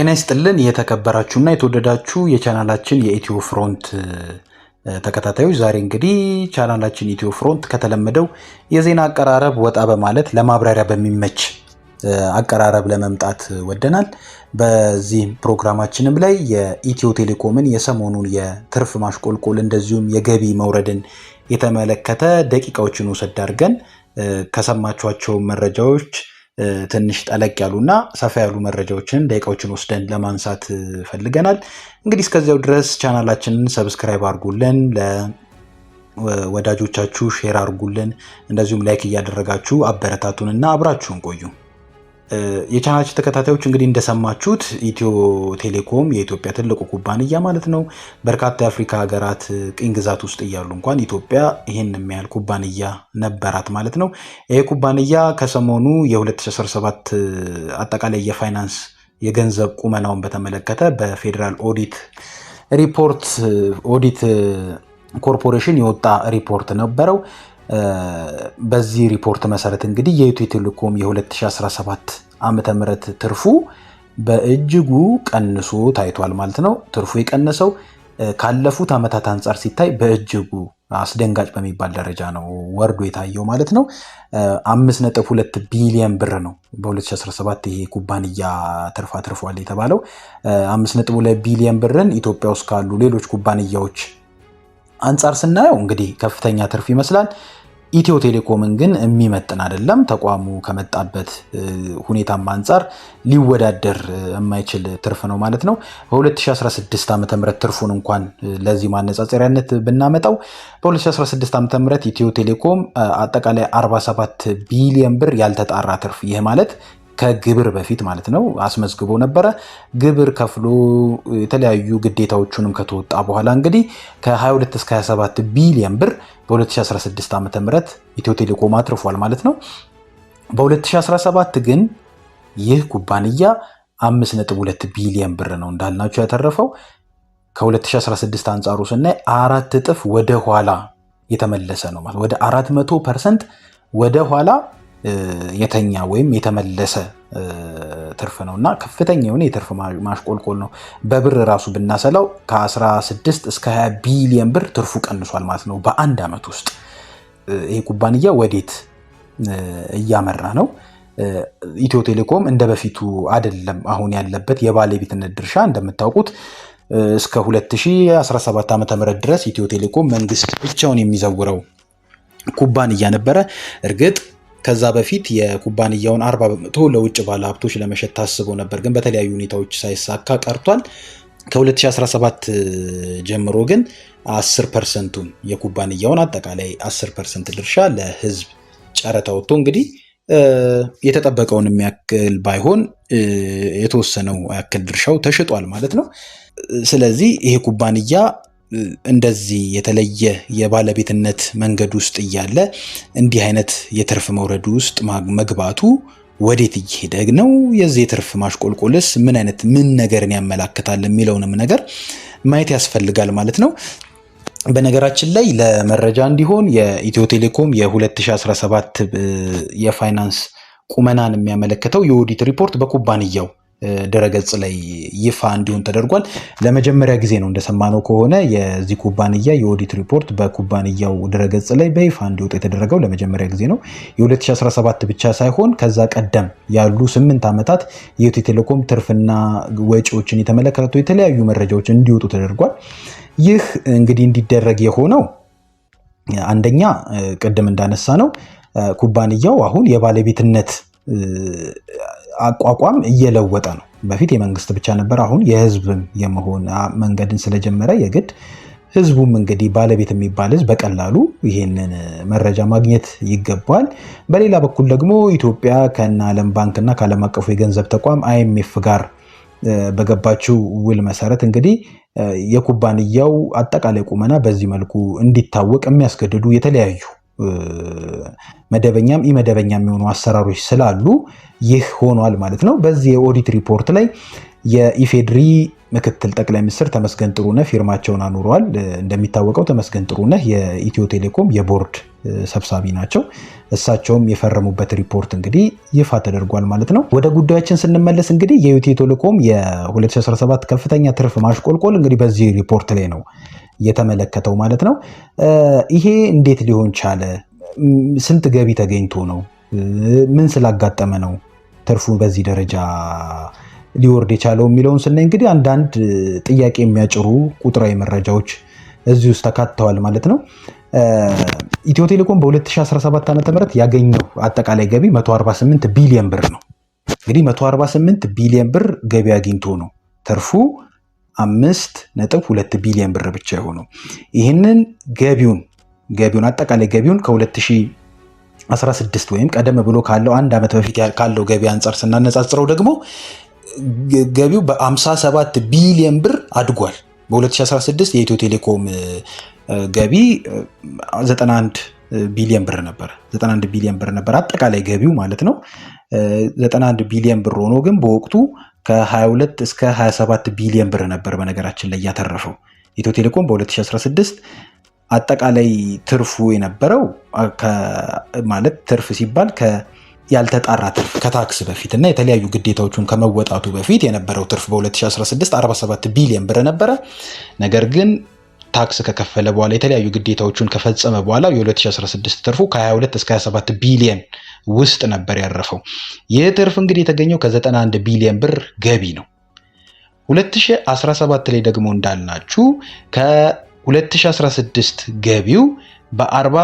ጤና ይስጥልን የተከበራችሁና የተወደዳችሁ የቻናላችን የኢትዮ ፍሮንት ተከታታዮች፣ ዛሬ እንግዲህ ቻናላችን ኢትዮ ፍሮንት ከተለመደው የዜና አቀራረብ ወጣ በማለት ለማብራሪያ በሚመች አቀራረብ ለመምጣት ወደናል። በዚህ ፕሮግራማችንም ላይ የኢትዮ ቴሌኮምን የሰሞኑን የትርፍ ማሽቆልቆል እንደዚሁም የገቢ መውረድን የተመለከተ ደቂቃዎችን ውሰድ አድርገን ከሰማችኋቸው መረጃዎች ትንሽ ጠለቅ ያሉና ሰፋ ያሉ መረጃዎችን ደቂቃዎችን ወስደን ለማንሳት ፈልገናል። እንግዲህ እስከዚያው ድረስ ቻናላችንን ሰብስክራይብ አድርጉልን፣ ለወዳጆቻችሁ ሼር አድርጉልን፣ እንደዚሁም ላይክ እያደረጋችሁ አበረታቱንና አብራችሁን ቆዩ። የቻናች ተከታታዮች እንግዲህ እንደሰማችሁት ኢትዮ ቴሌኮም የኢትዮጵያ ትልቁ ኩባንያ ማለት ነው። በርካታ የአፍሪካ ሀገራት ቅኝ ግዛት ውስጥ እያሉ እንኳን ኢትዮጵያ ይህን የሚያህል ኩባንያ ነበራት ማለት ነው። ይህ ኩባንያ ከሰሞኑ የ2017 አጠቃላይ የፋይናንስ የገንዘብ ቁመናውን በተመለከተ በፌዴራል ኦዲት ሪፖርት ኦዲት ኮርፖሬሽን የወጣ ሪፖርት ነበረው። በዚህ ሪፖርት መሰረት እንግዲህ የኢትዮ ቴሌኮም የ2017 ዓመተ ምህረት ትርፉ በእጅጉ ቀንሶ ታይቷል ማለት ነው። ትርፉ የቀነሰው ካለፉት ዓመታት አንጻር ሲታይ በእጅጉ አስደንጋጭ በሚባል ደረጃ ነው ወርዶ የታየው ማለት ነው። 5.2 ቢሊዮን ብር ነው በ2017 ይሄ ኩባንያ ትርፋ ትርፏል የተባለው 5.2 ቢሊዮን ብርን ኢትዮጵያ ውስጥ ካሉ ሌሎች ኩባንያዎች አንጻር ስናየው እንግዲህ ከፍተኛ ትርፍ ይመስላል። ኢትዮ ቴሌኮምን ግን የሚመጥን አይደለም። ተቋሙ ከመጣበት ሁኔታም አንጻር ሊወዳደር የማይችል ትርፍ ነው ማለት ነው። በ2016 ዓ ም ትርፉን እንኳን ለዚህ ማነጻጸሪያነት ብናመጣው በ2016 ዓ ም ኢትዮ ቴሌኮም አጠቃላይ 47 ቢሊዮን ብር ያልተጣራ ትርፍ፣ ይህ ማለት ከግብር በፊት ማለት ነው አስመዝግቦ ነበረ። ግብር ከፍሎ የተለያዩ ግዴታዎቹንም ከተወጣ በኋላ እንግዲህ ከ22 እስከ 27 ቢሊየን ብር በ2016 ዓ ም ኢትዮ ቴሌኮም አትርፏል ማለት ነው። በ2017 ግን ይህ ኩባንያ 5.2 ቢሊየን ብር ነው እንዳልናቸው ያተረፈው። ከ2016 አንጻሩ ስናይ አራት እጥፍ ወደ ኋላ የተመለሰ ነው ማለት ወደ 400 ፐርሰንት ወደ ኋላ የተኛ ወይም የተመለሰ ትርፍ ነው እና ከፍተኛ የሆነ የትርፍ ማሽቆልቆል ነው። በብር ራሱ ብናሰላው ከ16 እስከ 20 ቢሊየን ብር ትርፉ ቀንሷል ማለት ነው በአንድ ዓመት ውስጥ። ይህ ኩባንያ ወዴት እያመራ ነው? ኢትዮ ቴሌኮም እንደ በፊቱ አይደለም። አሁን ያለበት የባለቤትነት ድርሻ እንደምታውቁት እስከ 2017 ዓ ም ድረስ ኢትዮ ቴሌኮም መንግስት ብቻውን የሚዘውረው ኩባንያ ነበረ እርግጥ ከዛ በፊት የኩባንያውን አርባ በመቶ ለውጭ ባለሀብቶች ለመሸጥ ታስቦ ነበር፣ ግን በተለያዩ ሁኔታዎች ሳይሳካ ቀርቷል። ከ2017 ጀምሮ ግን 10 ፐርሰንቱን የኩባንያውን አጠቃላይ 10 ፐርሰንት ድርሻ ለህዝብ ጨረታ ወጥቶ እንግዲህ የተጠበቀውን የሚያክል ባይሆን የተወሰነው ያክል ድርሻው ተሽጧል ማለት ነው። ስለዚህ ይሄ ኩባንያ እንደዚህ የተለየ የባለቤትነት መንገድ ውስጥ እያለ እንዲህ አይነት የትርፍ መውረድ ውስጥ መግባቱ ወዴት እየሄደ ነው? የዚህ የትርፍ ማሽቆልቆልስ ምን አይነት ምን ነገርን ያመላክታል የሚለውንም ነገር ማየት ያስፈልጋል ማለት ነው። በነገራችን ላይ ለመረጃ እንዲሆን የኢትዮ ቴሌኮም የ2017 የፋይናንስ ቁመናን የሚያመለክተው የኦዲት ሪፖርት በኩባንያው ድረገጽ ላይ ይፋ እንዲሆን ተደርጓል። ለመጀመሪያ ጊዜ ነው እንደሰማነው ከሆነ የዚህ ኩባንያ የኦዲት ሪፖርት በኩባንያው ድረገጽ ላይ በይፋ እንዲወጣ የተደረገው ለመጀመሪያ ጊዜ ነው። የ2017 ብቻ ሳይሆን ከዛ ቀደም ያሉ ስምንት ዓመታት የኢትዮ ቴሌኮም ትርፍና ወጪዎችን የተመለከቱ የተለያዩ መረጃዎች እንዲወጡ ተደርጓል። ይህ እንግዲህ እንዲደረግ የሆነው አንደኛ ቅድም እንዳነሳ ነው ኩባንያው አሁን የባለቤትነት አቋቋም እየለወጠ ነው። በፊት የመንግስት ብቻ ነበር። አሁን የህዝብም የመሆን መንገድን ስለጀመረ የግድ ህዝቡም እንግዲህ ባለቤት የሚባል ህዝብ በቀላሉ ይህንን መረጃ ማግኘት ይገባል። በሌላ በኩል ደግሞ ኢትዮጵያ ከነ ዓለም ባንክና ከዓለም አቀፉ የገንዘብ ተቋም አይኤምኤፍ ጋር በገባችው ውል መሰረት እንግዲህ የኩባንያው አጠቃላይ ቁመና በዚህ መልኩ እንዲታወቅ የሚያስገድዱ የተለያዩ መደበኛም ኢመደበኛ የሆኑ አሰራሮች ስላሉ ይህ ሆኗል ማለት ነው። በዚህ የኦዲት ሪፖርት ላይ የኢፌድሪ ምክትል ጠቅላይ ሚኒስትር ተመስገን ጥሩነህ ፊርማቸውን አኑረዋል። እንደሚታወቀው ተመስገን ጥሩነህ የኢትዮ ቴሌኮም የቦርድ ሰብሳቢ ናቸው። እሳቸውም የፈረሙበት ሪፖርት እንግዲህ ይፋ ተደርጓል ማለት ነው። ወደ ጉዳያችን ስንመለስ እንግዲህ የኢትዮ ቴሌኮም የ2017 ከፍተኛ ትርፍ ማሽቆልቆል እንግዲህ በዚህ ሪፖርት ላይ ነው የተመለከተው ማለት ነው። ይሄ እንዴት ሊሆን ቻለ? ስንት ገቢ ተገኝቶ ነው? ምን ስላጋጠመ ነው ትርፉ በዚህ ደረጃ ሊወርድ የቻለው የሚለውን ስናይ እንግዲህ አንዳንድ ጥያቄ የሚያጭሩ ቁጥራዊ መረጃዎች እዚህ ውስጥ ተካትተዋል ማለት ነው። ኢትዮ ቴሌኮም በ2017 ዓ ም ያገኘው አጠቃላይ ገቢ 148 ቢሊየን ብር ነው። እንግዲህ 148 ቢሊየን ብር ገቢ አግኝቶ ነው ትርፉ አምስት ነጥብ ሁለት ቢሊዮን ብር ብቻ የሆነው ይህንን ገቢውን ገቢውን አጠቃላይ ገቢውን ከ2016 ወይም ቀደም ብሎ ካለው አንድ ዓመት በፊት ካለው ገቢ አንጻር ስናነጻጽረው ደግሞ ገቢው በ57 ቢሊዮን ብር አድጓል። በ2016 የኢትዮ ቴሌኮም ገቢ 91 ቢሊዮን ብር ነበረ 91 ቢሊዮን ብር ነበረ አጠቃላይ ገቢው ማለት ነው። 91 ቢሊዮን ብር ሆኖ ግን በወቅቱ ከ22 እስከ 27 ቢሊዮን ብር ነበር በነገራችን ላይ ያተረፈው ኢትዮ ቴሌኮም በ2016 አጠቃላይ ትርፉ የነበረው ማለት ትርፍ ሲባል ያልተጣራ ትርፍ ከታክስ በፊት እና የተለያዩ ግዴታዎቹን ከመወጣቱ በፊት የነበረው ትርፍ በ2016 47 ቢሊዮን ብር ነበረ። ነገር ግን ታክስ ከከፈለ በኋላ የተለያዩ ግዴታዎቹን ከፈጸመ በኋላ የ2016 ትርፉ ከ22 እስከ 27 ቢሊየን ውስጥ ነበር ያረፈው። ይህ ትርፍ እንግዲህ የተገኘው ከ91 ቢሊየን ብር ገቢ ነው። 2017 ላይ ደግሞ እንዳልናችሁ ከ2016 ገቢው በ40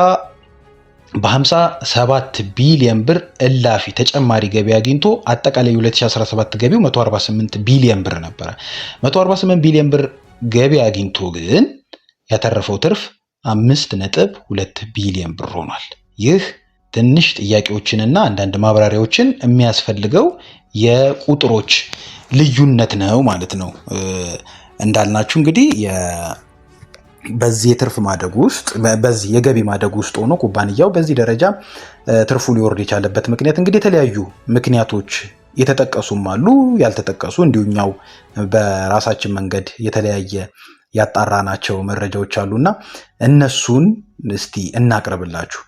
በ57 ቢሊየን ብር እላፊ ተጨማሪ ገቢ አግኝቶ አጠቃላይ 2017 ገቢው 148 ቢሊየን ብር ነበረ። 148 ቢሊየን ብር ገቢ አግኝቶ ግን ያተረፈው ትርፍ አምስት ነጥብ ሁለት ቢሊዮን ብር ሆኗል። ይህ ትንሽ ጥያቄዎችንና አንዳንድ ማብራሪያዎችን የሚያስፈልገው የቁጥሮች ልዩነት ነው ማለት ነው። እንዳልናችሁ እንግዲህ በዚህ የትርፍ ማደግ ውስጥ በዚህ የገቢ ማደግ ውስጥ ሆኖ ኩባንያው በዚህ ደረጃ ትርፉ ሊወርድ የቻለበት ምክንያት እንግዲህ የተለያዩ ምክንያቶች የተጠቀሱም አሉ፣ ያልተጠቀሱ እንዲሁኛው በራሳችን መንገድ የተለያየ ያጣራናቸው መረጃዎች አሉና እነሱን እስቲ እናቅርብላችሁ።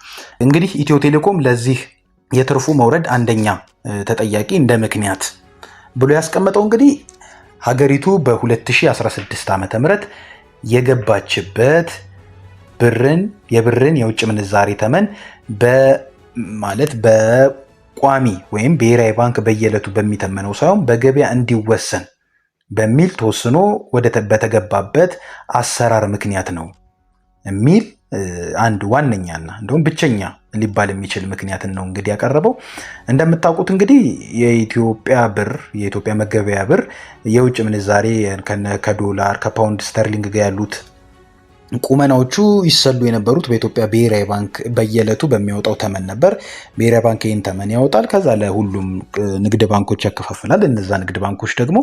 እንግዲህ ኢትዮ ቴሌኮም ለዚህ የትርፉ መውረድ አንደኛ ተጠያቂ እንደ ምክንያት ብሎ ያስቀመጠው እንግዲህ ሀገሪቱ በ2016 ዓ ም የገባችበት ብርን የብርን የውጭ ምንዛሬ ተመን በማለት በቋሚ ወይም ብሔራዊ ባንክ በየዕለቱ በሚተመነው ሳይሆን በገበያ እንዲወሰን በሚል ተወስኖ ወደ በተገባበት አሰራር ምክንያት ነው የሚል አንድ ዋነኛና እንደውም ብቸኛ ሊባል የሚችል ምክንያትን ነው እንግዲህ ያቀረበው። እንደምታውቁት እንግዲህ የኢትዮጵያ ብር የኢትዮጵያ መገበያ ብር የውጭ ምንዛሬ ከዶላር ከፓውንድ ስተርሊንግ ጋር ያሉት ቁመናዎቹ ይሰሉ የነበሩት በኢትዮጵያ ብሔራዊ ባንክ በየዕለቱ በሚያወጣው ተመን ነበር። ብሔራዊ ባንክ ይህን ተመን ያወጣል። ከዛ ለሁሉም ንግድ ባንኮች ያከፋፍላል። እነዛ ንግድ ባንኮች ደግሞ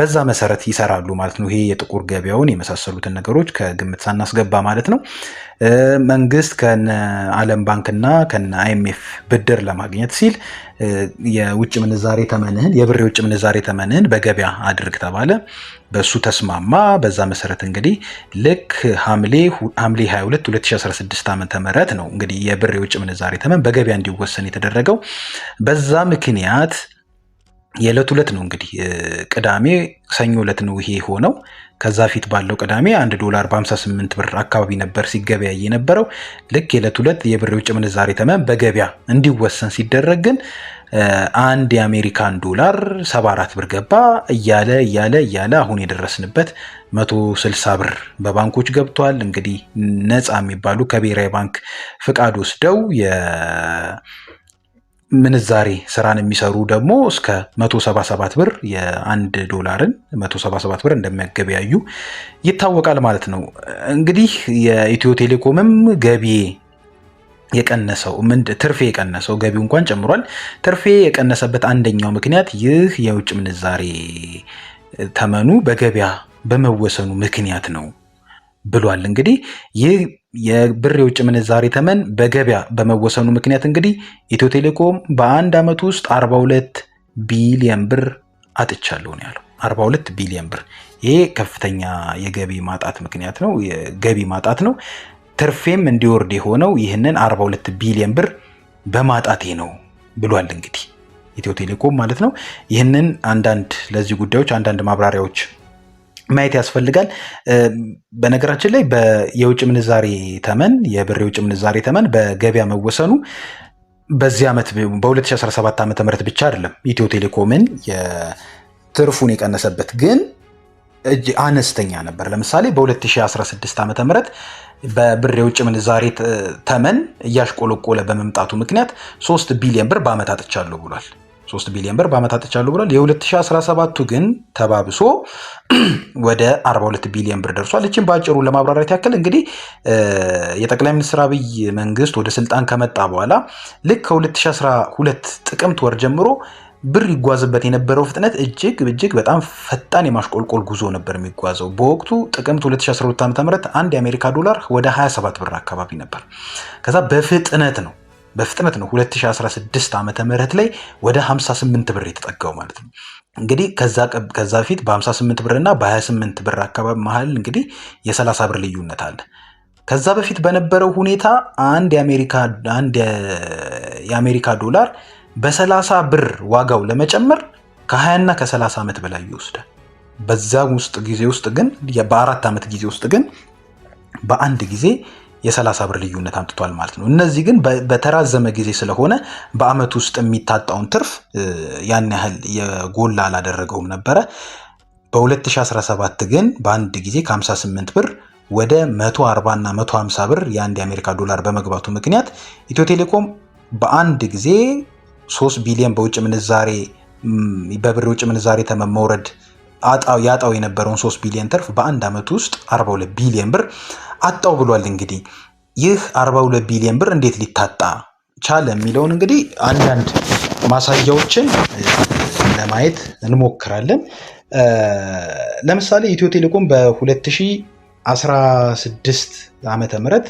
በዛ መሰረት ይሰራሉ ማለት ነው። ይሄ የጥቁር ገበያውን የመሳሰሉትን ነገሮች ከግምት ሳናስገባ ማለት ነው። መንግስት ከነ ዓለም ባንክና ከነ አይኤምኤፍ ብድር ለማግኘት ሲል የውጭ ምንዛሬ ተመንህን የብር የውጭ ምንዛሬ ተመንህን በገበያ አድርግ ተባለ። በሱ ተስማማ። በዛ መሰረት እንግዲህ ልክ ሐምሌ 22 2016 ዓ ም ነው እንግዲህ የብር የውጭ ምንዛሬ ተመን በገበያ እንዲወሰን የተደረገው። በዛ ምክንያት የዕለት ሁለት ነው እንግዲህ ቅዳሜ ሰኞ ዕለት ነው ይሄ ሆነው ከዛ ፊት ባለው ቅዳሜ 1 ዶላር በ58 ብር አካባቢ ነበር ሲገበያይ የነበረው። ልክ የዕለት ሁለት የብር ውጭ ምንዛሬ ተመን በገበያ እንዲወሰን ሲደረግ ግን አንድ የአሜሪካን ዶላር 74 ብር ገባ እያለ እያለ እያለ አሁን የደረስንበት 160 ብር በባንኮች ገብቷል። እንግዲህ ነፃ የሚባሉ ከብሔራዊ ባንክ ፍቃድ ወስደው ምንዛሬ ስራን የሚሰሩ ደግሞ እስከ 177 ብር የአንድ ዶላርን 177 ብር እንደሚያገበያዩ ይታወቃል ማለት ነው። እንግዲህ የኢትዮ ቴሌኮምም ገቢ የቀነሰው ምንድ ትርፌ የቀነሰው ገቢው እንኳን ጨምሯል። ትርፌ የቀነሰበት አንደኛው ምክንያት ይህ የውጭ ምንዛሬ ተመኑ በገበያ በመወሰኑ ምክንያት ነው ብሏል። እንግዲህ ይህ የብር የውጭ ምንዛሬ ተመን በገበያ በመወሰኑ ምክንያት እንግዲህ ኢትዮ ቴሌኮም በአንድ ዓመት ውስጥ 42 ቢሊየን ብር አጥቻለሁ ነው ያለው። 42 ቢሊየን ብር ይሄ ከፍተኛ የገቢ ማጣት ምክንያት ነው፣ የገቢ ማጣት ነው። ትርፌም እንዲወርድ የሆነው ይህንን 42 ቢሊየን ብር በማጣቴ ነው ብሏል። እንግዲህ ኢትዮ ቴሌኮም ማለት ነው። ይህንን አንዳንድ ለዚህ ጉዳዮች አንዳንድ ማብራሪያዎች ማየት ያስፈልጋል። በነገራችን ላይ የውጭ ምንዛሬ ተመን የብር የውጭ ምንዛሬ ተመን በገበያ መወሰኑ በዚህ ዓመት በ2017 ዓ ም ብቻ አይደለም ኢትዮ ቴሌኮምን ትርፉን የቀነሰበት ግን እጅ አነስተኛ ነበር። ለምሳሌ በ2016 ዓ ም በብር የውጭ ምንዛሬ ተመን እያሽቆለቆለ በመምጣቱ ምክንያት 3 ቢሊዮን ብር በዓመት አጥቻለሁ ብሏል። 3 ቢሊዮን ብር በዓመት ተቻሉ ብሏል። የ2017ቱ ግን ተባብሶ ወደ 42 ቢሊዮን ብር ደርሷል። እችን በአጭሩ ለማብራራት ያክል እንግዲህ የጠቅላይ ሚኒስትር አብይ መንግስት ወደ ስልጣን ከመጣ በኋላ ልክ ከ2012 ጥቅምት ወር ጀምሮ ብር ይጓዝበት የነበረው ፍጥነት እጅግ እጅግ በጣም ፈጣን የማሽቆልቆል ጉዞ ነበር የሚጓዘው። በወቅቱ ጥቅምት 2012 ዓ.ም አንድ የአሜሪካ ዶላር ወደ 27 ብር አካባቢ ነበር። ከዛ በፍጥነት ነው በፍጥነት ነው 2016 ዓመተ ምህረት ላይ ወደ 58 ብር የተጠጋው ማለት ነው። እንግዲህ ከዛ ፊት በ58 ብር እና በ28 ብር አካባቢ መሀል እንግዲህ የ30 ብር ልዩነት አለ። ከዛ በፊት በነበረው ሁኔታ አንድ የአሜሪካ ዶላር በ30 ብር ዋጋው ለመጨመር ከ20 እና ከ30 ዓመት በላይ ይወስዳል። በዛ ውስጥ ጊዜ ውስጥ ግን በአራት ዓመት ጊዜ ውስጥ ግን በአንድ ጊዜ የሰላሳ ብር ልዩነት አምጥቷል ማለት ነው። እነዚህ ግን በተራዘመ ጊዜ ስለሆነ በአመት ውስጥ የሚታጣውን ትርፍ ያን ያህል የጎላ አላደረገውም ነበረ። በ2017 ግን በአንድ ጊዜ ከ58 ብር ወደ 140 እና 150 ብር የአንድ የአሜሪካ ዶላር በመግባቱ ምክንያት ኢትዮ ቴሌኮም በአንድ ጊዜ 3 ቢሊዮን በውጭ ምንዛሬ በብር ውጭ ምንዛሬ ተመን መውረድ ያጣው የነበረውን 3 ቢሊዮን ትርፍ በአንድ ዓመት ውስጥ 42 ቢሊዮን ብር አጣው ብሏል። እንግዲህ ይህ 42 ቢሊዮን ብር እንዴት ሊታጣ ቻለ የሚለውን እንግዲህ አንዳንድ ማሳያዎችን ለማየት እንሞክራለን። ለምሳሌ ኢትዮ ቴሌኮም በ2016 ዓመተ ምህረት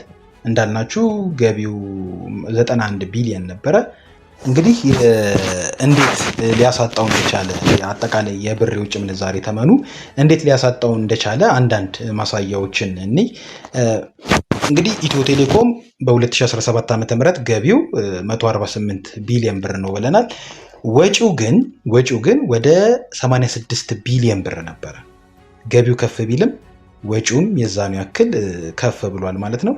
እንዳልናችሁ ገቢው 91 ቢሊዮን ነበረ። እንግዲህ እንዴት ሊያሳጣው እንደቻለ አጠቃላይ የብር የውጭ ምንዛሬ ተመኑ እንዴት ሊያሳጣው እንደቻለ አንዳንድ ማሳያዎችን እንይ። እንግዲህ ኢትዮ ቴሌኮም በ2017 ዓ ም ገቢው 148 ቢሊዮን ብር ነው ብለናል። ወጪው ግን ወጪው ግን ወደ 86 ቢሊዮን ብር ነበረ። ገቢው ከፍ ቢልም ወጪውም የዛኑ ያክል ከፍ ብሏል ማለት ነው።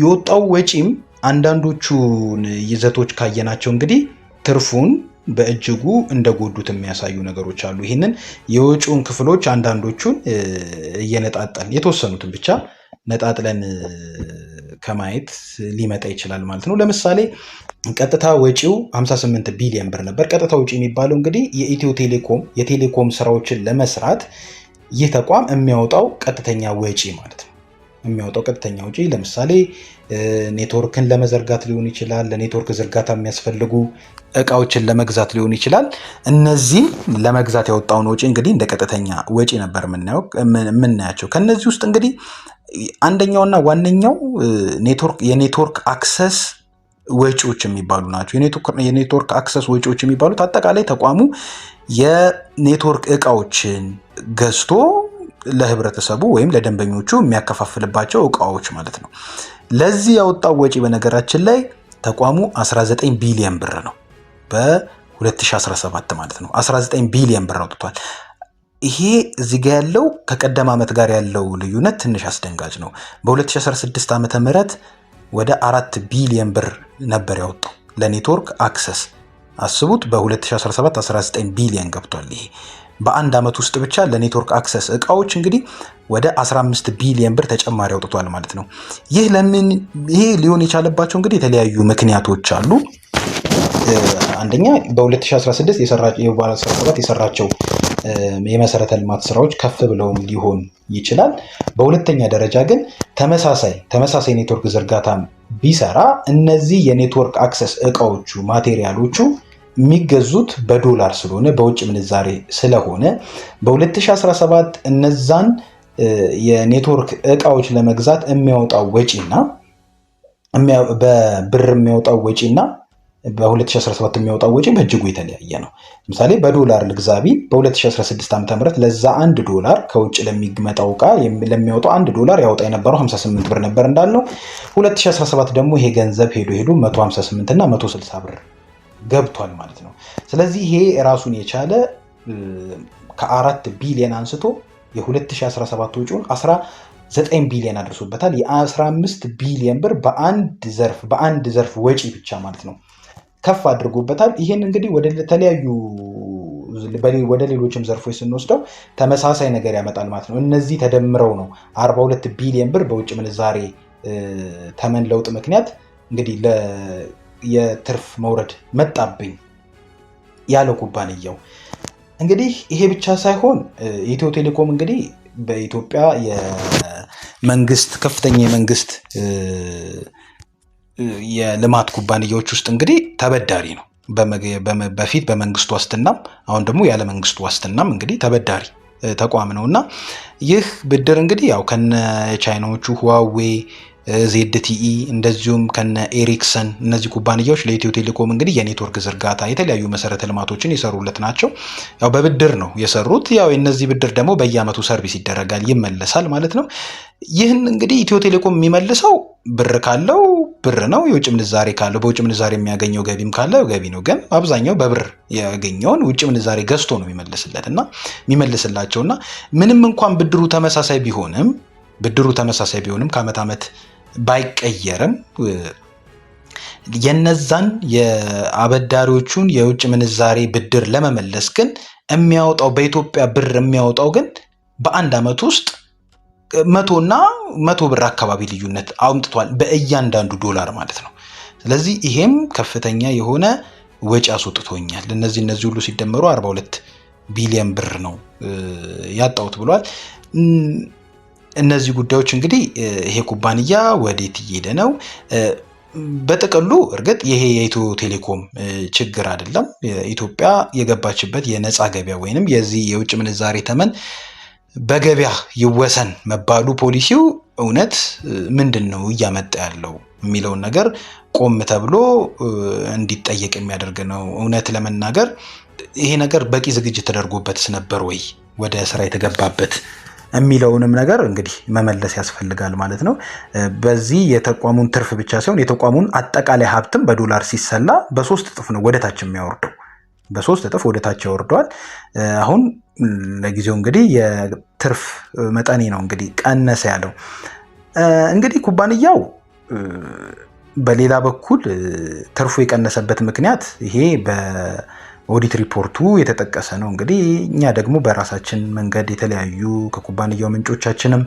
የወጣው ወጪም አንዳንዶቹን ይዘቶች ካየናቸው እንግዲህ ትርፉን በእጅጉ እንደጎዱት የሚያሳዩ ነገሮች አሉ። ይህንን የወጪውን ክፍሎች አንዳንዶቹን እየነጣጠልን የተወሰኑትን ብቻ ነጣጥለን ከማየት ሊመጣ ይችላል ማለት ነው። ለምሳሌ ቀጥታ ወጪው 58 ቢሊዮን ብር ነበር። ቀጥታ ወጪ የሚባለው እንግዲህ የኢትዮ ቴሌኮም የቴሌኮም ስራዎችን ለመስራት ይህ ተቋም የሚያወጣው ቀጥተኛ ወጪ ማለት ነው። የሚያወጣው ቀጥተኛ ወጪ ለምሳሌ ኔትወርክን ለመዘርጋት ሊሆን ይችላል። ለኔትወርክ ዝርጋታ የሚያስፈልጉ እቃዎችን ለመግዛት ሊሆን ይችላል። እነዚህም ለመግዛት ያወጣውን ወጪ እንግዲህ እንደ ቀጥተኛ ወጪ ነበር የምናያቸው። ከነዚህ ውስጥ እንግዲህ አንደኛውና ዋነኛው ኔትወርክ የኔትወርክ አክሰስ ወጪዎች የሚባሉ ናቸው። የኔትወርክ አክሰስ ወጪዎች የሚባሉት አጠቃላይ ተቋሙ የኔትወርክ እቃዎችን ገዝቶ ለህብረተሰቡ ወይም ለደንበኞቹ የሚያከፋፍልባቸው እቃዎች ማለት ነው። ለዚህ ያወጣው ወጪ በነገራችን ላይ ተቋሙ 19 ቢሊየን ብር ነው። በ2017 ማለት ነው 19 ቢሊየን ብር አውጥቷል። ይሄ እዚህ ጋ ያለው ከቀደም ዓመት ጋር ያለው ልዩነት ትንሽ አስደንጋጭ ነው። በ2016 ዓ ም ወደ 4 ቢሊየን ብር ነበር ያወጣው ለኔትወርክ አክሰስ አስቡት። በ2017 19 ቢሊየን ገብቷል ይሄ በአንድ ዓመት ውስጥ ብቻ ለኔትወርክ አክሰስ እቃዎች እንግዲህ ወደ 15 ቢሊዮን ብር ተጨማሪ አውጥቷል ማለት ነው። ይህ ለምን ይሄ ሊሆን የቻለባቸው እንግዲህ የተለያዩ ምክንያቶች አሉ። አንደኛ በ2016 የሰራቸው የሰራቸው የመሰረተ ልማት ስራዎች ከፍ ብለውም ሊሆን ይችላል። በሁለተኛ ደረጃ ግን ተመሳሳይ ተመሳሳይ ኔትወርክ ዝርጋታ ቢሰራ እነዚህ የኔትወርክ አክሰስ እቃዎቹ ማቴሪያሎቹ የሚገዙት በዶላር ስለሆነ በውጭ ምንዛሬ ስለሆነ በ2017 እነዛን የኔትወርክ እቃዎች ለመግዛት የሚያወጣው ወጪና በብር የሚያወጣው ወጪና በ2017 የሚያወጣው ወጪ በእጅጉ የተለያየ ነው። ለምሳሌ በዶላር ልግዛቢ በ2016 ዓ ም ለዛ አንድ ዶላር ከውጭ ለሚመጣው እቃ ለሚያወጣው አንድ ዶላር ያወጣ የነበረው 58 ብር ነበር እንዳለው፣ 2017 ደግሞ ይሄ ገንዘብ ሄዶ ሄዶ 158 እና 160 ብር ገብቷል ማለት ነው። ስለዚህ ይሄ ራሱን የቻለ ከአራት ቢሊየን አንስቶ የ2017 ወጪውን 19 ቢሊዮን አድርሶበታል። የ15 ቢሊየን ብር በአንድ ዘርፍ በአንድ ዘርፍ ወጪ ብቻ ማለት ነው ከፍ አድርጎበታል። ይህን እንግዲህ ወደ ተለያዩ ወደ ሌሎችም ዘርፎች ስንወስደው ተመሳሳይ ነገር ያመጣል ማለት ነው። እነዚህ ተደምረው ነው 42 ቢሊየን ብር በውጭ ምንዛሬ ተመን ለውጥ ምክንያት እንግዲህ የትርፍ መውረድ መጣብኝ ያለ ኩባንያው። እንግዲህ ይሄ ብቻ ሳይሆን ኢትዮ ቴሌኮም እንግዲህ በኢትዮጵያ የመንግስት ከፍተኛ የመንግስት የልማት ኩባንያዎች ውስጥ እንግዲህ ተበዳሪ ነው። በፊት በመንግስት ዋስትናም አሁን ደግሞ ያለ መንግስት ዋስትናም እንግዲህ ተበዳሪ ተቋም ነው እና ይህ ብድር እንግዲህ ያው ከነ ቻይናዎቹ ዋዌ ዜድቲኢ እንደዚሁም ከነ ኤሪክሰን እነዚህ ኩባንያዎች ለኢትዮ ቴሌኮም እንግዲህ የኔትወርክ ዝርጋታ የተለያዩ መሰረተ ልማቶችን የሰሩለት ናቸው። ያው በብድር ነው የሰሩት። ያው እነዚህ ብድር ደግሞ በየአመቱ ሰርቪስ ይደረጋል ይመለሳል ማለት ነው። ይህን እንግዲህ ኢትዮ ቴሌኮም የሚመልሰው ብር ካለው ብር ነው። የውጭ ምንዛሬ ካለው በውጭ ምንዛሬ የሚያገኘው ገቢም ካለው ገቢ ነው። ግን አብዛኛው በብር ያገኘውን ውጭ ምንዛሬ ገዝቶ ነው የሚመልስለት እና የሚመልስላቸውና ምንም እንኳን ብድሩ ተመሳሳይ ቢሆንም ብድሩ ተመሳሳይ ቢሆንም ከአመት ዓመት ባይቀየርም የነዛን የአበዳሪዎቹን የውጭ ምንዛሬ ብድር ለመመለስ ግን የሚያወጣው በኢትዮጵያ ብር የሚያወጣው ግን በአንድ ዓመት ውስጥ መቶና መቶ ብር አካባቢ ልዩነት አምጥቷል በእያንዳንዱ ዶላር ማለት ነው። ስለዚህ ይሄም ከፍተኛ የሆነ ወጪ አስወጥቶኛል። እነዚህ እነዚህ ሁሉ ሲደመሩ 42 ቢሊዮን ብር ነው ያጣሁት ብሏል። እነዚህ ጉዳዮች እንግዲህ ይሄ ኩባንያ ወዴት እየሄደ ነው? በጥቅሉ እርግጥ ይሄ የኢትዮ ቴሌኮም ችግር አይደለም። ኢትዮጵያ የገባችበት የነፃ ገበያ ወይንም የዚህ የውጭ ምንዛሬ ተመን በገበያ ይወሰን መባሉ ፖሊሲው እውነት ምንድን ነው እያመጣ ያለው የሚለውን ነገር ቆም ተብሎ እንዲጠየቅ የሚያደርግ ነው። እውነት ለመናገር ይሄ ነገር በቂ ዝግጅት ተደርጎበትስ ነበር ወይ ወደ ስራ የተገባበት የሚለውንም ነገር እንግዲህ መመለስ ያስፈልጋል ማለት ነው። በዚህ የተቋሙን ትርፍ ብቻ ሳይሆን የተቋሙን አጠቃላይ ሀብትም በዶላር ሲሰላ በሶስት እጥፍ ነው ወደታች የሚያወርደው በሶስት እጥፍ ወደታች ያወርደዋል። አሁን ለጊዜው እንግዲህ የትርፍ መጠኔ ነው እንግዲህ ቀነሰ ያለው እንግዲህ ኩባንያው በሌላ በኩል ትርፉ የቀነሰበት ምክንያት ይሄ ኦዲት ሪፖርቱ የተጠቀሰ ነው። እንግዲህ እኛ ደግሞ በራሳችን መንገድ የተለያዩ ከኩባንያው ምንጮቻችንም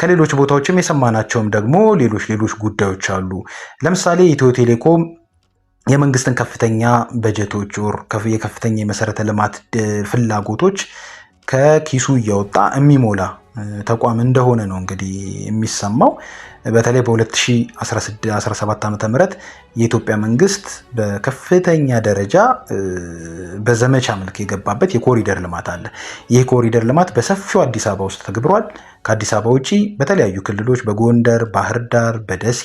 ከሌሎች ቦታዎችም የሰማናቸውም ደግሞ ሌሎች ሌሎች ጉዳዮች አሉ። ለምሳሌ ኢትዮ ቴሌኮም የመንግስትን ከፍተኛ በጀቶች ወር የከፍተኛ የመሰረተ ልማት ፍላጎቶች ከኪሱ እያወጣ የሚሞላ ተቋም እንደሆነ ነው እንግዲህ የሚሰማው። በተለይ በ2017 ዓ ም የኢትዮጵያ መንግስት በከፍተኛ ደረጃ በዘመቻ መልክ የገባበት የኮሪደር ልማት አለ። ይህ ኮሪደር ልማት በሰፊው አዲስ አበባ ውስጥ ተግብሯል። ከአዲስ አበባ ውጭ በተለያዩ ክልሎች በጎንደር፣ ባህር ዳር፣ በደሴ፣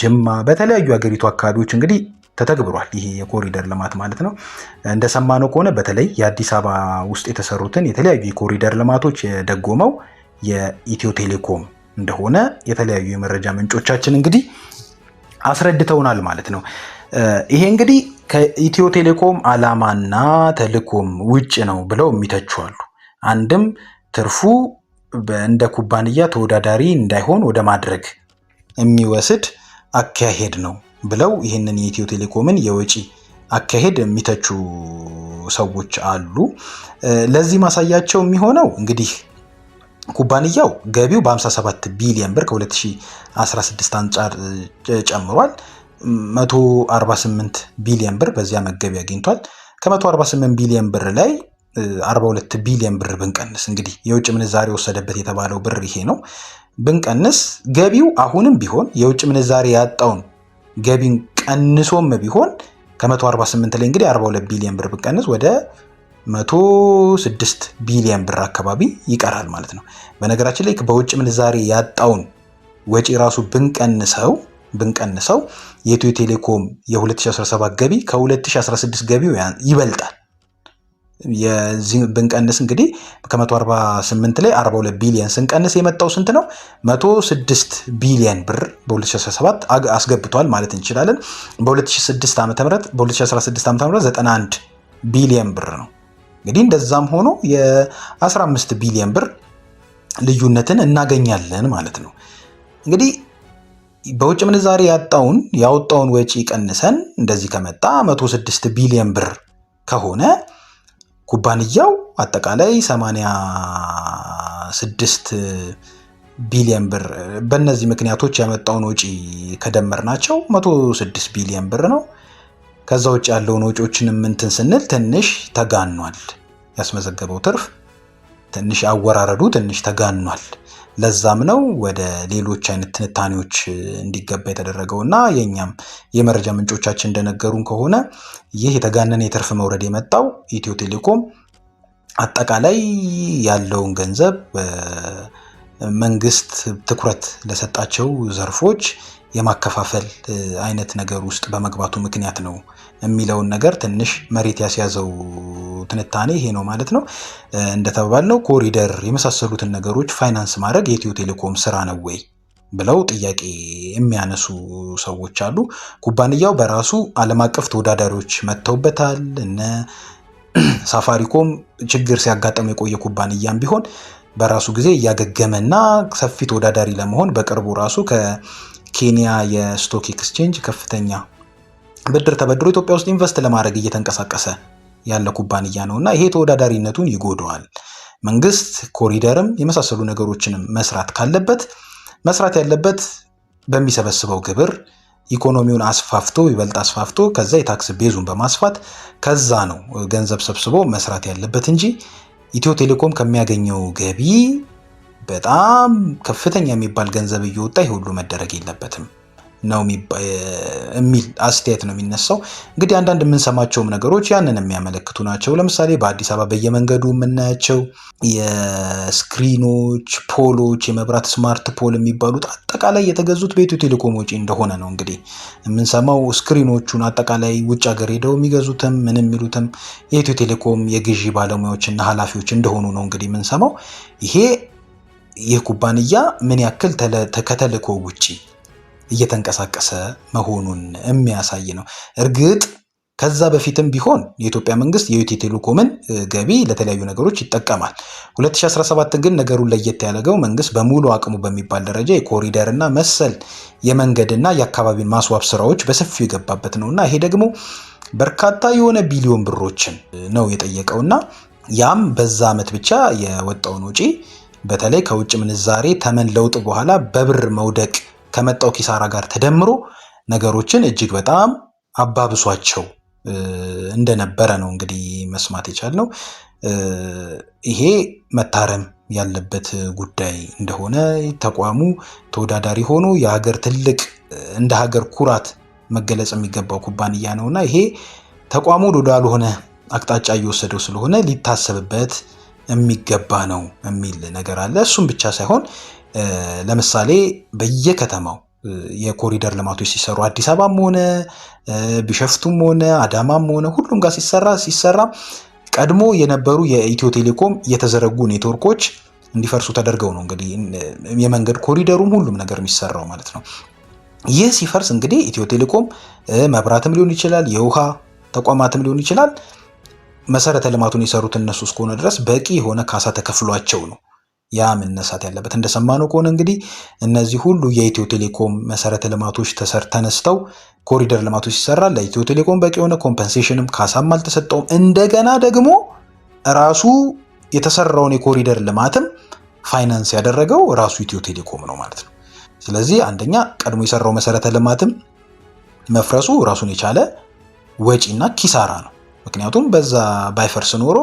ጅማ፣ በተለያዩ ሀገሪቱ አካባቢዎች እንግዲህ ተተግብሯል። ይሄ የኮሪደር ልማት ማለት ነው። እንደሰማነው ከሆነ በተለይ የአዲስ አበባ ውስጥ የተሰሩትን የተለያዩ የኮሪደር ልማቶች የደጎመው የኢትዮ ቴሌኮም እንደሆነ የተለያዩ የመረጃ ምንጮቻችን እንግዲህ አስረድተውናል ማለት ነው። ይሄ እንግዲህ ከኢትዮ ቴሌኮም ዓላማና ተልዕኮም ውጭ ነው ብለው የሚተቹ አሉ። አንድም ትርፉ እንደ ኩባንያ ተወዳዳሪ እንዳይሆን ወደ ማድረግ የሚወስድ አካሄድ ነው ብለው ይህንን የኢትዮ ቴሌኮምን የወጪ አካሄድ የሚተቹ ሰዎች አሉ። ለዚህ ማሳያቸው የሚሆነው እንግዲህ ኩባንያው ገቢው በ57 ቢሊዮን ብር ከ2016 አንጻር ጨምሯል። 148 ቢሊዮን ብር በዚያ መገቢ አግኝቷል። ከ148 ቢሊዮን ብር ላይ 42 ቢሊዮን ብር ብንቀንስ እንግዲህ የውጭ ምንዛሬ ወሰደበት የተባለው ብር ይሄ ነው። ብንቀንስ ገቢው አሁንም ቢሆን የውጭ ምንዛሬ ያጣውን ገቢን ቀንሶም ቢሆን ከ148 ላይ እንግዲህ 42 ቢሊዮን ብር ብንቀንስ ወደ መቶ ስድስት ቢሊዮን ብር አካባቢ ይቀራል ማለት ነው። በነገራችን ላይ በውጭ ምንዛሬ ያጣውን ወጪ ራሱ ብንቀንሰው ብንቀንሰው የኢትዮ ቴሌኮም የ2017 ገቢ ከ2016 ገቢው ይበልጣል። ብንቀንስ እንግዲህ ከ148 ላይ 42 ቢሊዮን ስንቀንስ የመጣው ስንት ነው? 106 ቢሊዮን ብር በ2017 አስገብቷል ማለት እንችላለን። በ2016 ዓ ም በ2016 ዓ ም 91 ቢሊየን ብር ነው እንግዲህ እንደዛም ሆኖ የ15 ቢሊዮን ብር ልዩነትን እናገኛለን ማለት ነው። እንግዲህ በውጭ ምንዛሬ ያጣውን ያወጣውን ወጪ ቀንሰን እንደዚህ ከመጣ 106 ቢሊዮን ብር ከሆነ ኩባንያው አጠቃላይ 86 ቢሊዮን ብር በእነዚህ ምክንያቶች ያመጣውን ወጪ ከደመር 106 ቢሊዮን ብር ነው። ከዛ ውጭ ያለውን ወጪዎችን እንትን ስንል ትንሽ ተጋኗል። ያስመዘገበው ትርፍ ትንሽ አወራረዱ ትንሽ ተጋኗል። ለዛም ነው ወደ ሌሎች አይነት ትንታኔዎች እንዲገባ የተደረገው እና የእኛም የመረጃ ምንጮቻችን እንደነገሩን ከሆነ ይህ የተጋነነ የትርፍ መውረድ የመጣው ኢትዮ ቴሌኮም አጠቃላይ ያለውን ገንዘብ መንግስት ትኩረት ለሰጣቸው ዘርፎች የማከፋፈል አይነት ነገር ውስጥ በመግባቱ ምክንያት ነው የሚለውን ነገር ትንሽ መሬት ያስያዘው ትንታኔ ይሄ ነው ማለት ነው። እንደተባልነው ኮሪደር የመሳሰሉትን ነገሮች ፋይናንስ ማድረግ የኢትዮ ቴሌኮም ስራ ነው ወይ ብለው ጥያቄ የሚያነሱ ሰዎች አሉ። ኩባንያው በራሱ ዓለም አቀፍ ተወዳዳሪዎች መጥተውበታል። እነ ሳፋሪኮም ችግር ሲያጋጠመው የቆየ ኩባንያም ቢሆን በራሱ ጊዜ እያገገመና ሰፊ ተወዳዳሪ ለመሆን በቅርቡ ራሱ ኬንያ የስቶክ ኤክስቼንጅ ከፍተኛ ብድር ተበድሮ ኢትዮጵያ ውስጥ ኢንቨስት ለማድረግ እየተንቀሳቀሰ ያለ ኩባንያ ነው እና ይሄ ተወዳዳሪነቱን ይጎደዋል። መንግስት ኮሪደርም የመሳሰሉ ነገሮችንም መስራት ካለበት መስራት ያለበት በሚሰበስበው ግብር ኢኮኖሚውን አስፋፍቶ ይበልጥ አስፋፍቶ ከዛ የታክስ ቤዙን በማስፋት ከዛ ነው ገንዘብ ሰብስቦ መስራት ያለበት እንጂ ኢትዮ ቴሌኮም ከሚያገኘው ገቢ በጣም ከፍተኛ የሚባል ገንዘብ እየወጣ ይህ ሁሉ መደረግ የለበትም ነው የሚል አስተያየት ነው የሚነሳው። እንግዲህ አንዳንድ የምንሰማቸውም ነገሮች ያንን የሚያመለክቱ ናቸው። ለምሳሌ በአዲስ አበባ በየመንገዱ የምናያቸው የስክሪኖች፣ ፖሎች፣ የመብራት ስማርት ፖል የሚባሉት አጠቃላይ የተገዙት በኢትዮ ቴሌኮም ወጪ እንደሆነ ነው እንግዲህ የምንሰማው። ስክሪኖቹን አጠቃላይ ውጭ ሀገር ሄደው የሚገዙትም ምን የሚሉትም የኢትዮ ቴሌኮም የግዢ ባለሙያዎችና ኃላፊዎች እንደሆኑ ነው እንግዲህ የምንሰማው ይሄ ይህ ኩባንያ ምን ያክል ከተልእኮ ውጪ እየተንቀሳቀሰ መሆኑን የሚያሳይ ነው። እርግጥ ከዛ በፊትም ቢሆን የኢትዮጵያ መንግስት የኢትዮ ቴሌኮምን ገቢ ለተለያዩ ነገሮች ይጠቀማል። 2017 ግን ነገሩን ለየት ያደረገው መንግስት በሙሉ አቅሙ በሚባል ደረጃ የኮሪደር እና መሰል የመንገድና የአካባቢን ማስዋብ ስራዎች በሰፊው የገባበት ነው እና ይሄ ደግሞ በርካታ የሆነ ቢሊዮን ብሮችን ነው የጠየቀው እና ያም በዛ ዓመት ብቻ የወጣውን ውጪ። በተለይ ከውጭ ምንዛሬ ተመን ለውጥ በኋላ በብር መውደቅ ከመጣው ኪሳራ ጋር ተደምሮ ነገሮችን እጅግ በጣም አባብሷቸው እንደነበረ ነው እንግዲህ መስማት የቻልነው። ይሄ መታረም ያለበት ጉዳይ እንደሆነ ተቋሙ ተወዳዳሪ ሆኖ የሀገር ትልቅ እንደ ሀገር ኩራት መገለጽ የሚገባው ኩባንያ ነውና ይሄ ተቋሙ ወዳልሆነ አቅጣጫ እየወሰደው ስለሆነ ሊታሰብበት የሚገባ ነው የሚል ነገር አለ። እሱም ብቻ ሳይሆን ለምሳሌ በየከተማው የኮሪደር ልማቶች ሲሰሩ አዲስ አበባም ሆነ ቢሸፍቱም ሆነ አዳማም ሆነ ሁሉም ጋር ሲሰራ ሲሰራ ቀድሞ የነበሩ የኢትዮ ቴሌኮም የተዘረጉ ኔትወርኮች እንዲፈርሱ ተደርገው ነው እንግዲህ የመንገድ ኮሪደሩም ሁሉም ነገር የሚሰራው ማለት ነው። ይህ ሲፈርስ እንግዲህ ኢትዮ ቴሌኮም መብራትም ሊሆን ይችላል፣ የውሃ ተቋማትም ሊሆን ይችላል መሰረተ ልማቱን የሰሩት እነሱ እስከሆነ ድረስ በቂ የሆነ ካሳ ተከፍሏቸው ነው ያ መነሳት ያለበት። እንደሰማነው ከሆነ እንግዲህ እነዚህ ሁሉ የኢትዮ ቴሌኮም መሰረተ ልማቶች ተነስተው ኮሪደር ልማቶች ሲሰራ ለኢትዮ ቴሌኮም በቂ የሆነ ኮምፐንሴሽንም ካሳም አልተሰጠውም። እንደገና ደግሞ ራሱ የተሰራውን የኮሪደር ልማትም ፋይናንስ ያደረገው ራሱ ኢትዮ ቴሌኮም ነው ማለት ነው። ስለዚህ አንደኛ ቀድሞ የሰራው መሰረተ ልማትም መፍረሱ ራሱን የቻለ ወጪና ኪሳራ ነው። ምክንያቱም በዛ ባይፈርስ ኖሮ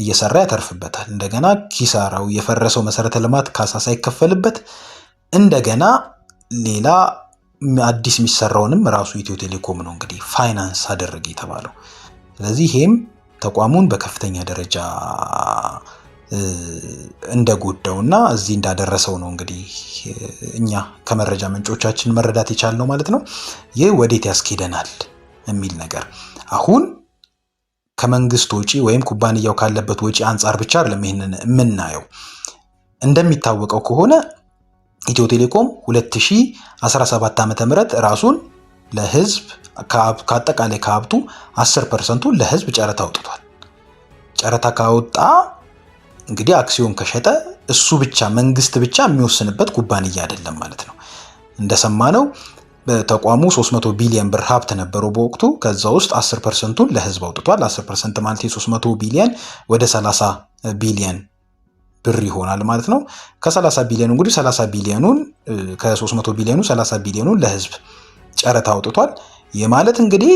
እየሰራ ያተርፍበታል። እንደገና ኪሳራው የፈረሰው መሰረተ ልማት ካሳ ሳይከፈልበት እንደገና ሌላ አዲስ የሚሰራውንም ራሱ ኢትዮ ቴሌኮም ነው እንግዲህ ፋይናንስ አደረገ የተባለው። ስለዚህ ይሄም ተቋሙን በከፍተኛ ደረጃ እንደጎዳው እና እዚህ እንዳደረሰው ነው እንግዲህ እኛ ከመረጃ ምንጮቻችን መረዳት የቻልነው ማለት ነው። ይህ ወዴት ያስኬደናል የሚል ነገር አሁን ከመንግስት ወጪ ወይም ኩባንያው ካለበት ወጪ አንጻር ብቻ አይደለም ይህንን የምናየው። እንደሚታወቀው ከሆነ ኢትዮ ቴሌኮም 2017 ዓ ም ራሱን ለህዝብ ከአጠቃላይ ከሀብቱ 10 ፐርሰንቱን ለህዝብ ጨረታ አውጥቷል። ጨረታ ካወጣ እንግዲህ አክሲዮን ከሸጠ እሱ ብቻ መንግስት ብቻ የሚወስንበት ኩባንያ አይደለም ማለት ነው እንደሰማነው ነው በተቋሙ 300 ቢሊዮን ብር ሀብት ነበረው በወቅቱ። ከዛ ውስጥ 10 ፐርሰንቱን ለህዝብ አውጥቷል። 10 ፐርሰንት ማለት 300 ቢሊዮን ወደ 30 ቢሊዮን ብር ይሆናል ማለት ነው። ከ30 ቢሊዮን እንግዲህ 30 ቢሊዮኑን ከ300 ቢሊዮኑ 30 ቢሊዮኑን ለህዝብ ጨረታ አውጥቷል። ይህ ማለት እንግዲህ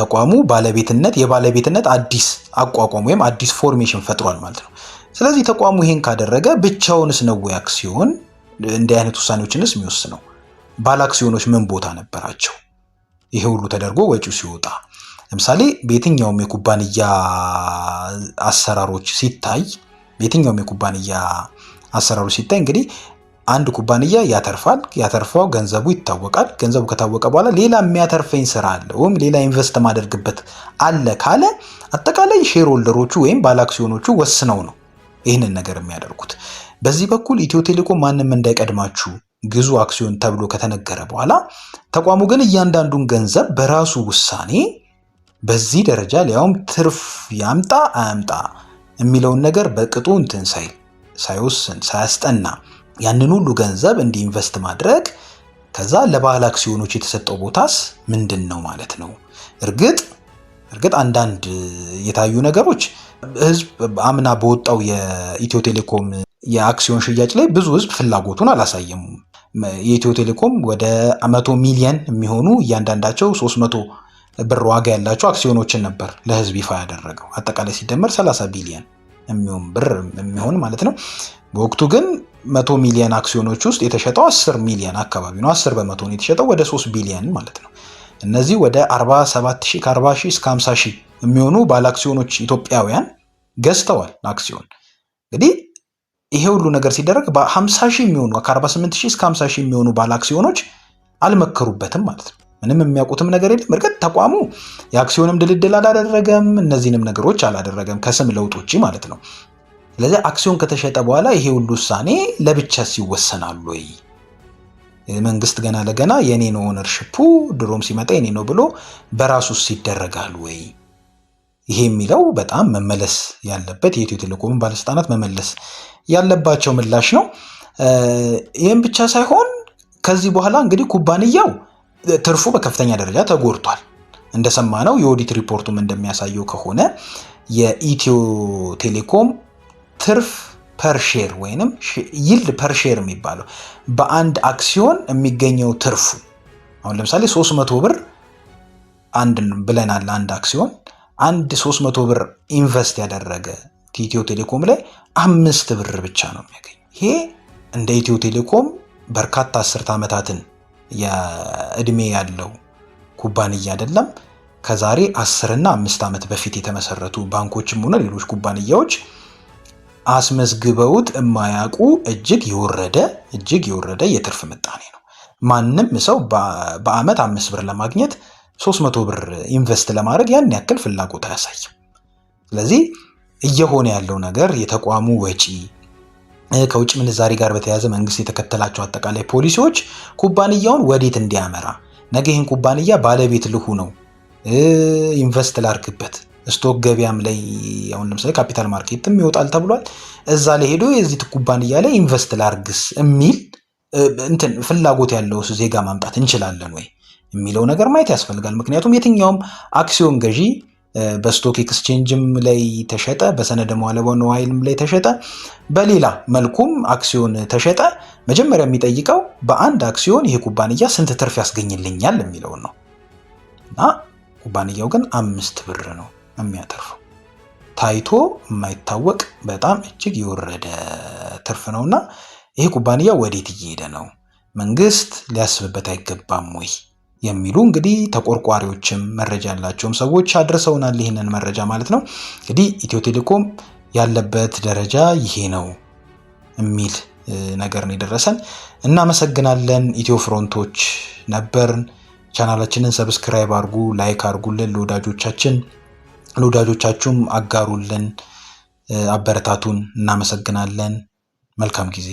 ተቋሙ ባለቤትነት የባለቤትነት አዲስ አቋቋም ወይም አዲስ ፎርሜሽን ፈጥሯል ማለት ነው። ስለዚህ ተቋሙ ይሄን ካደረገ ብቻውንስ ነው ሲሆን እንዲህ አይነት ውሳኔዎችንስ የሚወስነው? አክሲዮኖች ምን ቦታ ነበራቸው? ይሄ ሁሉ ተደርጎ ወጪው ሲወጣ ለምሳሌ በየትኛውም የኩባንያ አሰራሮች ሲታይ በየትኛውም የኩባንያ አሰራሮች ሲታይ እንግዲህ አንድ ኩባንያ ያተርፋል። ያተርፋው ገንዘቡ ይታወቃል። ገንዘቡ ከታወቀ በኋላ ሌላ የሚያተርፈኝ ስራ አለ ወይም ሌላ ኢንቨስት ማደርግበት አለ ካለ አጠቃላይ ሼር ሆልደሮቹ ወይም ባለአክሲዮኖቹ ወስነው ነው ይህንን ነገር የሚያደርጉት። በዚህ በኩል ኢትዮ ቴሌኮም ማንም እንዳይቀድማችሁ ግዙ አክሲዮን ተብሎ ከተነገረ በኋላ ተቋሙ ግን እያንዳንዱን ገንዘብ በራሱ ውሳኔ በዚህ ደረጃ ሊያውም ትርፍ ያምጣ አያምጣ የሚለውን ነገር በቅጡ እንትን ሳይል ሳይወስን ሳያስጠና ያንን ሁሉ ገንዘብ እንዲኢንቨስት ማድረግ ከዛ ለባለ አክሲዮኖች የተሰጠው ቦታስ ምንድን ነው ማለት ነው። እርግጥ እርግጥ አንዳንድ የታዩ ነገሮች ህዝብ አምና በወጣው የኢትዮ ቴሌኮም የአክሲዮን ሽያጭ ላይ ብዙ ህዝብ ፍላጎቱን አላሳየም። የኢትዮ ቴሌኮም ወደ መቶ ሚሊየን የሚሆኑ እያንዳንዳቸው 300 ብር ዋጋ ያላቸው አክሲዮኖችን ነበር ለህዝብ ይፋ ያደረገው። አጠቃላይ ሲደመር 30 ቢሊየን የሚሆን ብር የሚሆን ማለት ነው። በወቅቱ ግን መቶ ሚሊየን አክሲዮኖች ውስጥ የተሸጠው 10 ሚሊየን አካባቢ ነው። 10 በመቶ ነው የተሸጠው፣ ወደ 3 ቢሊየን ማለት ነው። እነዚህ ወደ 47 ከ40 እስከ 50 ሺህ የሚሆኑ ባለ አክሲዮኖች ኢትዮጵያውያን ገዝተዋል አክሲዮን እንግዲህ ይሄ ሁሉ ነገር ሲደረግ በ50 ሺህ የሚሆኑ ከ48 ሺህ እስከ 50 ሺህ የሚሆኑ ባለ አክሲዮኖች አልመከሩበትም ማለት ነው። ምንም የሚያውቁትም ነገር የለም። እርግጥ ተቋሙ የአክሲዮንም ድልድል አላደረገም፣ እነዚህንም ነገሮች አላደረገም ከስም ለውጥ ውጭ ማለት ነው። ስለዚህ አክሲዮን ከተሸጠ በኋላ ይሄ ሁሉ ውሳኔ ለብቻ ሲወሰናል ወይ? መንግስት ገና ለገና የኔ ነው ኦነርሽፑ ድሮም ሲመጣ የኔ ነው ብሎ በራሱስ ይደረጋል ወይ? ይሄ የሚለው በጣም መመለስ ያለበት የኢትዮ ቴሌኮምን ባለስልጣናት መመለስ ያለባቸው ምላሽ ነው። ይህም ብቻ ሳይሆን ከዚህ በኋላ እንግዲህ ኩባንያው ትርፉ በከፍተኛ ደረጃ ተጎድቷል። እንደሰማነው የኦዲት ሪፖርቱም እንደሚያሳየው ከሆነ የኢትዮ ቴሌኮም ትርፍ ፐርሼር ወይንም ይልድ ፐርሼር የሚባለው በአንድ አክሲዮን የሚገኘው ትርፉ አሁን ለምሳሌ 300 ብር አንድ ብለናል አንድ አክሲዮን አንድ 300 ብር ኢንቨስት ያደረገ ኢትዮ ቴሌኮም ላይ አምስት ብር ብቻ ነው የሚያገኝ። ይሄ እንደ ኢትዮ ቴሌኮም በርካታ አስርት ዓመታትን የእድሜ ያለው ኩባንያ አይደለም። ከዛሬ አስርና አምስት ዓመት በፊት የተመሰረቱ ባንኮችም ሆነ ሌሎች ኩባንያዎች አስመዝግበውት የማያውቁ እጅግ የወረደ እጅግ የወረደ የትርፍ ምጣኔ ነው። ማንም ሰው በአመት አምስት ብር ለማግኘት 300 ብር ኢንቨስት ለማድረግ ያን ያክል ፍላጎት አያሳይም። ስለዚህ እየሆነ ያለው ነገር የተቋሙ ወጪ ከውጭ ምንዛሬ ጋር በተያያዘ መንግስት የተከተላቸው አጠቃላይ ፖሊሲዎች ኩባንያውን ወዴት እንዲያመራ ነገ ይህን ኩባንያ ባለቤት ልሁ ነው ኢንቨስት ላርግበት ስቶክ ገበያም ላይ አሁን ለምሳሌ ካፒታል ማርኬትም ይወጣል ተብሏል። እዛ ላይ ሄዶ የዚህ ኩባንያ ላይ ኢንቨስት ላርግስ የሚል እንትን ፍላጎት ያለው ዜጋ ማምጣት እንችላለን ወይ? የሚለው ነገር ማየት ያስፈልጋል። ምክንያቱም የትኛውም አክሲዮን ገዢ በስቶክ ኤክስቼንጅም ላይ ተሸጠ፣ በሰነደ መዋለ ንዋይም ላይ ተሸጠ፣ በሌላ መልኩም አክሲዮን ተሸጠ፣ መጀመሪያ የሚጠይቀው በአንድ አክሲዮን ይሄ ኩባንያ ስንት ትርፍ ያስገኝልኛል የሚለውን ነው እና ኩባንያው ግን አምስት ብር ነው የሚያተርፈው። ታይቶ የማይታወቅ በጣም እጅግ የወረደ ትርፍ እና ይሄ ኩባንያ ወዴት እየሄደ ነው? መንግስት ሊያስብበት አይገባም ወይ? የሚሉ እንግዲህ ተቆርቋሪዎችም መረጃ ያላቸውም ሰዎች አድርሰውናል ይህንን መረጃ ማለት ነው። እንግዲህ ኢትዮ ቴሌኮም ያለበት ደረጃ ይሄ ነው የሚል ነገር ነው የደረሰን። እናመሰግናለን። ኢትዮ ፍሮንቶች ነበርን። ቻናላችንን ሰብስክራይብ አድርጉ፣ ላይክ አድርጉልን፣ ለወዳጆቻችን ለወዳጆቻችሁም አጋሩልን፣ አበረታቱን። እናመሰግናለን። መልካም ጊዜ